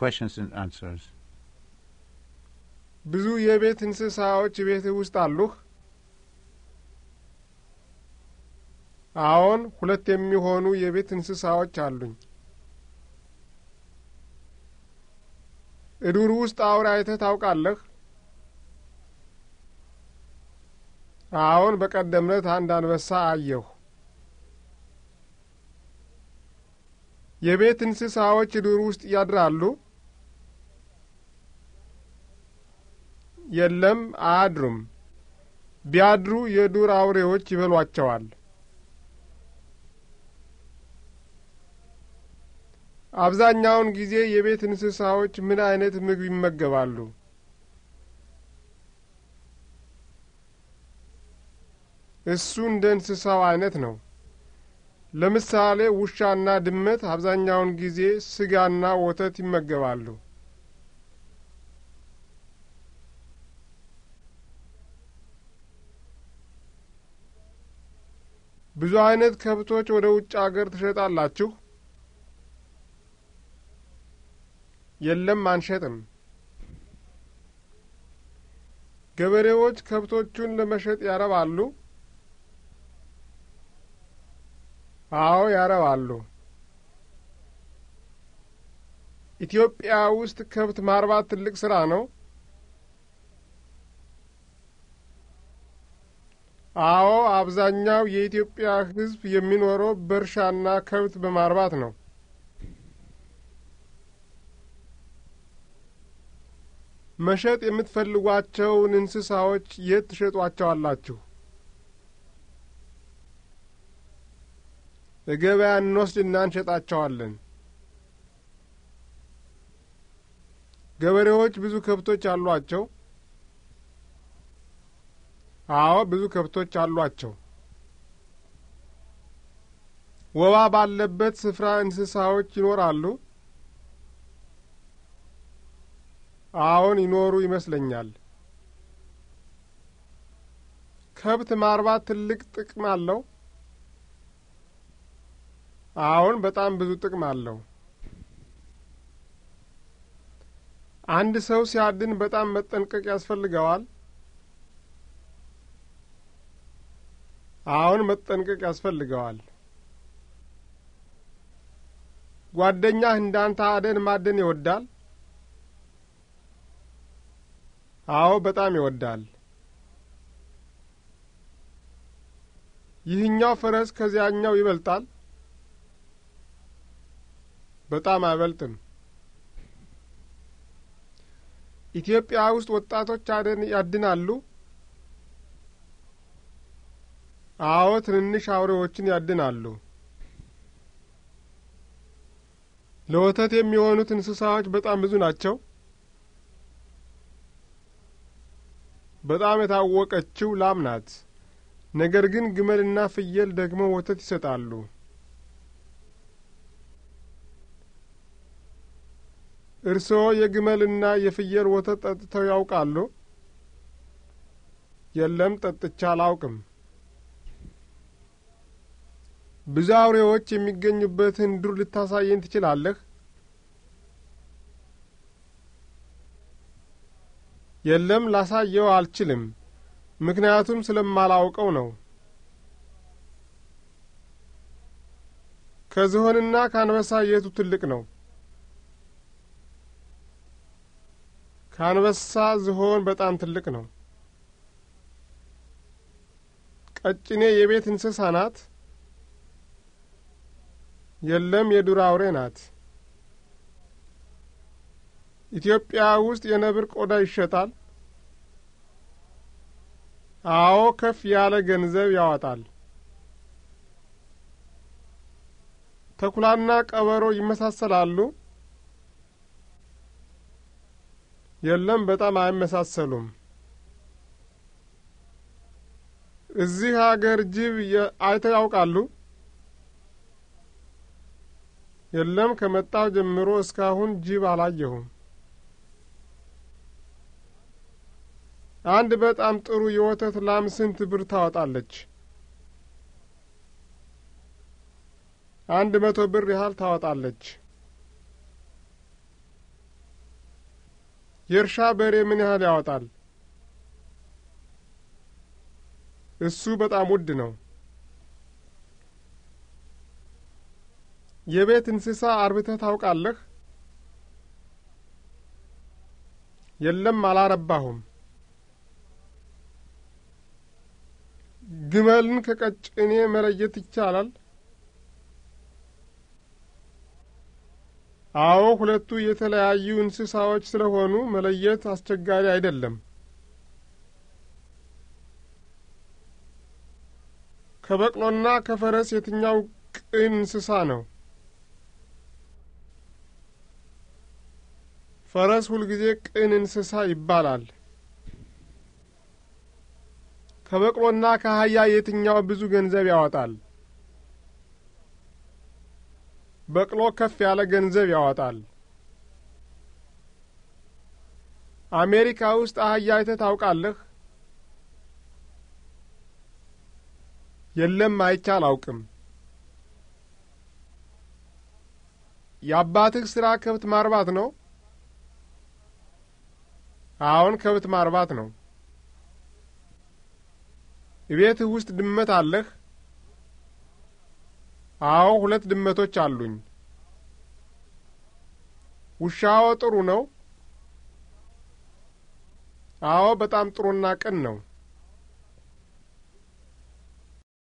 questions and answers. ብዙ የቤት እንስሳዎች ቤት ውስጥ አሉህ? አዎን፣ ሁለት የሚሆኑ የቤት እንስሳዎች አሉኝ። እዱር ውስጥ አውራ አይተህ ታውቃለህ? አዎን፣ በቀደም ዕለት አንድ አንበሳ አየሁ። የቤት እንስሳዎች እዱር ውስጥ ያድራሉ? የለም አያድሩም። ቢያድሩ የዱር አውሬዎች ይበሏቸዋል። አብዛኛውን ጊዜ የቤት እንስሳዎች ምን አይነት ምግብ ይመገባሉ? እሱ እንደ እንስሳው አይነት ነው። ለምሳሌ ውሻና ድመት አብዛኛውን ጊዜ ስጋና ወተት ይመገባሉ። ብዙ አይነት ከብቶች ወደ ውጭ አገር ትሸጣላችሁ? የለም፣ አንሸጥም። ገበሬዎች ከብቶቹን ለመሸጥ ያረባሉ? አዎ፣ ያረባሉ። ኢትዮጵያ ውስጥ ከብት ማርባት ትልቅ ስራ ነው። አዎ፣ አብዛኛው የኢትዮጵያ ሕዝብ የሚኖረው በእርሻና ከብት በማርባት ነው። መሸጥ የምትፈልጓቸውን እንስሳዎች የት ትሸጧቸዋላችሁ? ለገበያ እንወስድና እንሸጣቸዋለን። ገበሬዎች ብዙ ከብቶች አሏቸው? አዎ ብዙ ከብቶች አሏቸው። ወባ ባለበት ስፍራ እንስሳዎች ይኖራሉ? አዎን ይኖሩ ይመስለኛል። ከብት ማርባት ትልቅ ጥቅም አለው? አዎን በጣም ብዙ ጥቅም አለው። አንድ ሰው ሲያድን በጣም መጠንቀቅ ያስፈልገዋል። አሁን መጠንቀቅ ያስፈልገዋል። ጓደኛህ እንዳንተ አደን ማደን ይወዳል? አዎ፣ በጣም ይወዳል። ይህኛው ፈረስ ከዚያኛው ይበልጣል? በጣም አይበልጥም። ኢትዮጵያ ውስጥ ወጣቶች አደን ያድናሉ? አዎ ትንንሽ አውሬዎችን ያድናሉ። ለወተት የሚሆኑት እንስሳዎች በጣም ብዙ ናቸው። በጣም የታወቀችው ላም ናት። ነገር ግን ግመልና ፍየል ደግሞ ወተት ይሰጣሉ። እርስዎ የግመልና የፍየል ወተት ጠጥተው ያውቃሉ? የለም፣ ጠጥቻ አላውቅም። ብዙ አውሬዎች የሚገኙበትን ዱር ልታሳየን ትችላለህ? የለም፣ ላሳየው አልችልም፣ ምክንያቱም ስለማላውቀው ነው። ከዝሆንና ከአንበሳ የቱ ትልቅ ነው? ከአንበሳ ዝሆን በጣም ትልቅ ነው። ቀጭኔ የቤት እንስሳ ናት? የለም የዱር አውሬ ናት። ኢትዮጵያ ውስጥ የነብር ቆዳ ይሸጣል? አዎ፣ ከፍ ያለ ገንዘብ ያወጣል። ተኩላና ቀበሮ ይመሳሰላሉ? የለም፣ በጣም አይመሳሰሉም። እዚህ አገር ጅብ አይተው ያውቃሉ? የለም ከመጣው ጀምሮ እስካሁን ጅብ አላየሁም። አንድ በጣም ጥሩ የወተት ላም ስንት ብር ታወጣለች? አንድ መቶ ብር ያህል ታወጣለች። የእርሻ በሬ ምን ያህል ያወጣል? እሱ በጣም ውድ ነው። የቤት እንስሳ አርብተህ ታውቃለህ? የለም፣ አላረባሁም። ግመልን ከቀጭኔ መለየት ይቻላል? አዎ፣ ሁለቱ የተለያዩ እንስሳዎች ስለሆኑ መለየት አስቸጋሪ አይደለም። ከበቅሎና ከፈረስ የትኛው ቅን እንስሳ ነው? ፈረስ ሁልጊዜ ቅን እንስሳ ይባላል። ከበቅሎና ከአህያ የትኛው ብዙ ገንዘብ ያወጣል? በቅሎ ከፍ ያለ ገንዘብ ያወጣል። አሜሪካ ውስጥ አህያ አይተህ ታውቃለህ? የለም፣ አይቼ አላውቅም። የአባትህ ሥራ ከብት ማርባት ነው? አሁን ከብት ማርባት ነው። ቤትህ ውስጥ ድመት አለህ? አዎ፣ ሁለት ድመቶች አሉኝ። ውሻዎ ጥሩ ነው? አዎ፣ በጣም ጥሩና ቅን ነው።